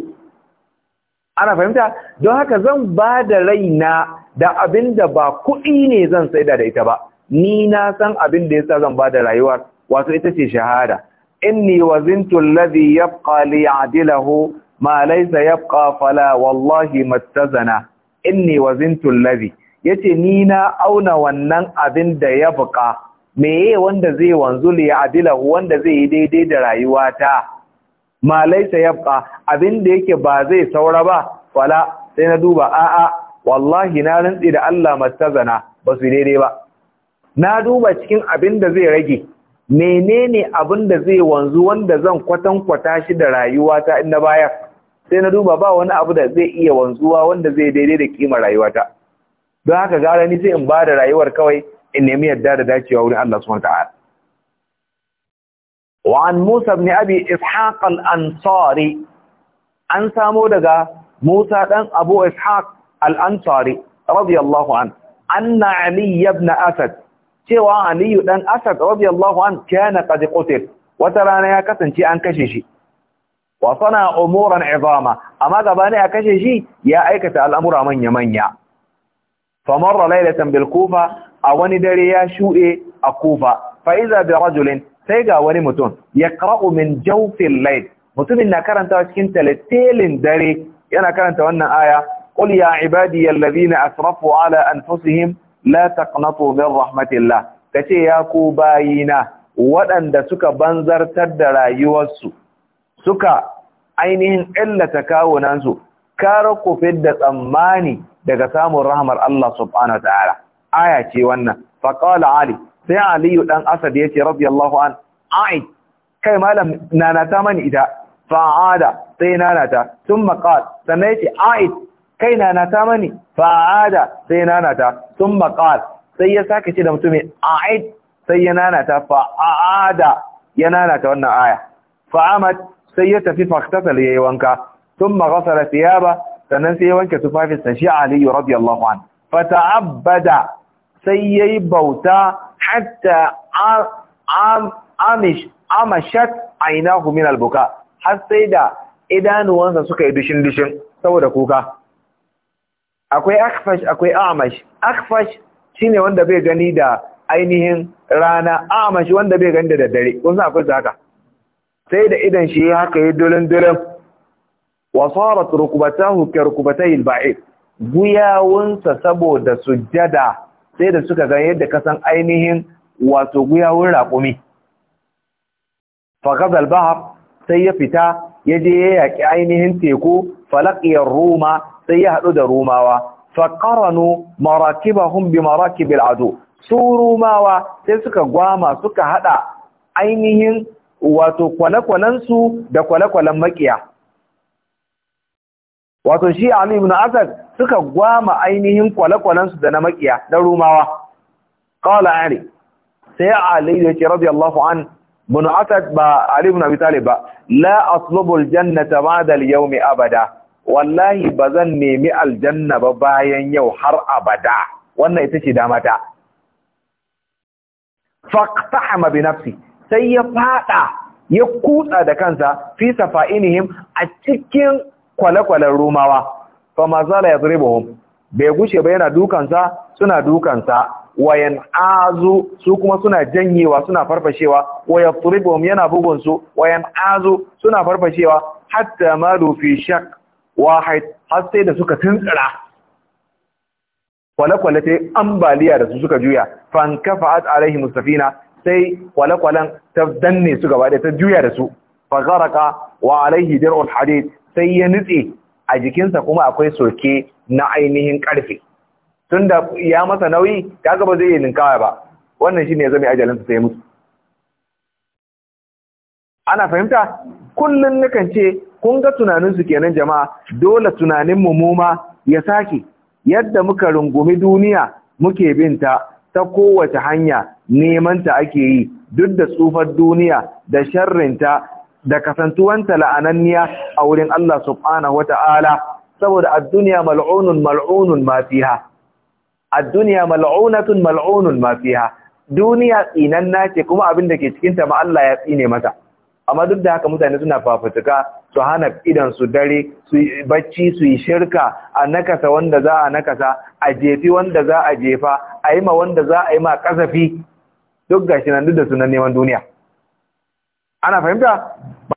ana fahimta don haka zan ba da raina da abin da ba kuɗi ne zan saida da ita ba ni na san abin da yasa zan bada rayuwar wato ita ce shahada inni wazintu alladhi yabqa li ya'dilahu ma laysa yabqa fala wallahi mattazana inni wazintu alladhi yace ni na auna wannan abin da ya meye wanda zai wanzu li ya'dilahu wanda zai yi daidai da rayuwata ma laysa yabqa abin da yake ba zai saura ba fala sai na duba a'a wallahi na rantsi da Allah mattazana ba su daidai ba na duba cikin abin da zai rage menene abin da zai wanzu wanda zan kwatankwata shi da rayuwata in na baya sai na duba ba wani abu da zai iya wanzuwa wanda zai daidai da kima rayuwata don haka gara ni sai in ba da rayuwar kawai in nemi yadda da dacewa wurin Allah subhanahu wataala wa an Musa ibn Abi Ishaq al-Ansari an samo daga Musa ɗan Abu Ishaq al-Ansari radiyallahu an anna Ali ibn Asad cewa aliyu dan asad radiyallahu an kana qad qutil wata rana ya kasance an kashe shi wa sana umuran izama amma gabani a kashe shi ya aikata al'amura manya manya famarra laylatan bil kufa a wani dare ya shuɗe a kufa fa iza bi rajulin sai ga wani mutum ya qara'u min jawfil layl mutumin na karanta cikin talatelin dare yana karanta wannan aya qul ya ibadiy allazina asrafu ala anfusihim la taqnatu min rahmatillah kace ya ku bayina waɗanda suka banzartar da rayuwarsu suka ainihin illata kawunansu kar ku fidda tsammani daga samun rahmar Allah subhanahu wataala aya ce wannan faqala ali sai aliyu dan asad yace radiyallahu an ai kai malam nanata mani ita fa'ada sai nanata thumma qala sanai yace kai na ta mani fa'ada sai na ta sun sai ya sake ce da mutumin a'id sai ya na ta fa'ada ya na ta wannan aya fa'amat sai ya tafi ya yayi wanka sun maghasala ba sannan sai ya wanke tufafin sa shi Ali radiyallahu an fata'abbada sai yayi bauta hatta amish amashat ina min albuka har sai da idanuwansa suka yi dishin dishin saboda kuka akwai akfash akwai a'mash akfash shine wanda bai gani da ainihin rana a'mash wanda bai gani da daddare kun san akwai haka sai da idan shi haka yi dulin dulin wa sarat rukbatahu ka rukbatay alba'id guyawunsa saboda sujjada sai da suka ga yadda ka san ainihin wato guyawun raƙumi faqad al sai ya fita yaje ya yaki ainihin teku falaqiyar roma sai ya haɗu da rumawa faƙaranu marakibahun bi marakibil ado su rumawa sai suka gwama suka haɗa ainihin wato kwale-kwalensu da kwale-kwalen makiya wato shi Ali ibn Asad suka gwama ainihin kwale-kwalensu da na makiya da rumawa qala ali sai Ali ya ce radiyallahu an ibn Asad ba Ali ibn Abi Talib ba la aslubu aljannata ba'da al-yawmi abada wallahi ba zan nemi aljanna ba bayan yau har abada wannan ita ce damata faqtahama bi nafsi sai ya fada ya kutsa da kansa fi safainihim a cikin kwale-kwalen rumawa fa mazala yadribuhum bai gushe ba yana dukansa suna dukansa wayan azu su kuma suna janyewa suna farfashewa waya turibum yana su wayan azu suna farfashewa hatta malu fi shak wahid har sai da suka tuntsira kwale-kwale sai ambaliya da su suka juya fankafa'at alaihi mustafina sai kwale-kwalen ta danne su gaba ta juya da su fagaraka wa alaihi dir'ul hadid sai ya nutse a jikinsa kuma akwai soke na ainihin karfe tunda ya masa nauyi kaga ba zai yi ninkawa ba wannan shine ya zama ajalinsa sai mutu ana fahimta kullun nukan ce kun ga tunaninsu kenan jama'a dole tunanin mu ma ya sake yadda muka rungumi duniya muke binta ta kowace hanya nemanta ake yi duk da tsufar duniya da sharrinta da kasantuwanta la'ananniya a wurin Allah subhanahu wata'ala saboda ad-dunya mal'unun mal'unun ma fiha ad-dunya mal'unatun mal'unun ma fiha duniya tsinanna ce kuma abin da ke cikin ta ma Allah ya tsine mata amma duk da haka mutane suna fafutuka su hana idan su dare su bacci su yi shirka a nakasa wanda za a nakasa a jefi wanda za a jefa a yi ma wanda za a yi ma kasafi duk gashi nan duk da sunan neman duniya ana fahimta